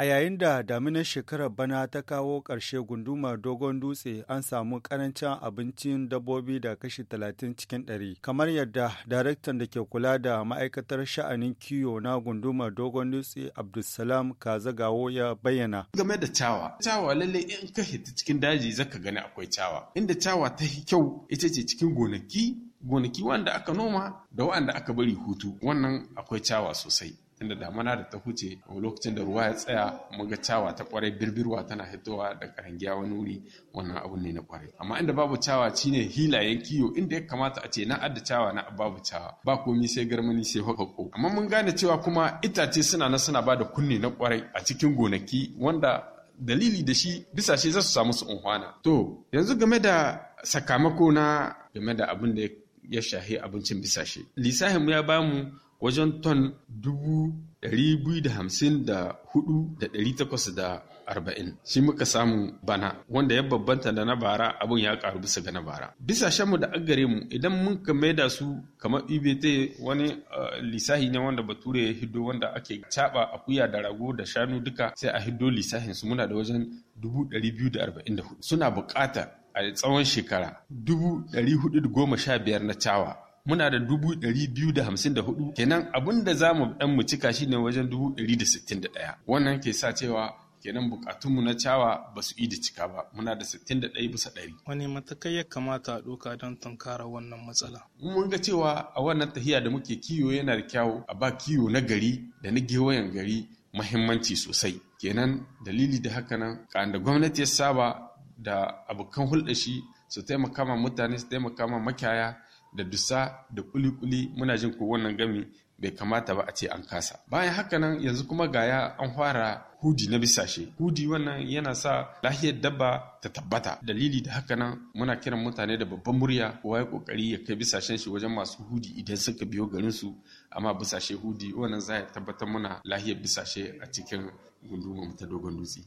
A yayin da daminar shekarar bana ta kawo ƙarshe Gunduma dogon dutse an samu ƙarancin abincin dabbobi da kashi talatin cikin 100. Kamar yadda daraktan da ke kula da ma'aikatar sha'anin kiwo na gundumar dogon dutse Abdulsalam Kazagawo ya bayyana. Game da cawa, cawa lalle in ka hita cikin daji zaka gani akwai cawa. Inda cawa ta kyau ita ce cikin gonaki, gonaki wanda aka noma da wanda aka bari hutu, wannan akwai cawa sosai. inda damana da ta huce a lokacin da ruwa ya tsaya muga cawa ta kwarai birbirwa tana hitowa da karangiya wani wuri wannan abu ne na kwarai amma inda babu cawa shine hilayen kiyo inda ya kamata a ce na adda cawa na babu cawa ba komi sai garmani sai hakako amma mun gane cewa kuma itace suna na suna da kunne na kwarai a cikin gonaki wanda dalili da shi bisa shi za su samu su unhwana to yanzu game da sakamako na game da abin da ya shahi abincin bisashe mu ya bamu wajen ton 254,840 shi muka samu bana wanda ya babbanta da na bara abin ya karu bisa ga na bara bisa shanmu da agare mu idan mun ka maida su kamar ibt wani eh, lisahi ne wanda bature ya hiddo wanda ake caba akuya da rago da shanu duka sai a hido lisahin su muna da wajen 244 suna bukata a tsawon shekara 415 na cawa muna da dubu ɗari biyu da hamsin da hudu kenan abin da za mu ɗan mu cika shi ne wajen dubu ɗari da sittin da ɗaya wannan ke sa cewa kenan bukatunmu na cawa ba su da cika ba muna da sittin da ɗaya bisa ɗari. wani matakai ya kamata a ɗauka don tunkara wannan matsala mun ga cewa a wannan tahiya da muke kiwo yana da kyawu a ba kiwo na gari da na gewayen gari mahimmanci sosai kenan dalili da haka nan kan da gwamnati ya saba da abokan hulɗa shi su taimaka ma mutane su taimaka ma makiyaya da dusa da kuli-kuli muna jin ko wannan gami bai kamata ba a ce an kasa bayan haka nan yanzu kuma ga ya an fara hudi na bisashe hudi wannan yana sa lahiyar dabba ta tabbata dalili da haka nan muna kiran mutane da babban murya kowa ya kokari ya kai bisashen shi wajen masu hudi idan suka biyo garin su amma bisashe hudi wannan za ya tabbatar muna lahiyar bisashe a cikin gundumar ta dogon dutse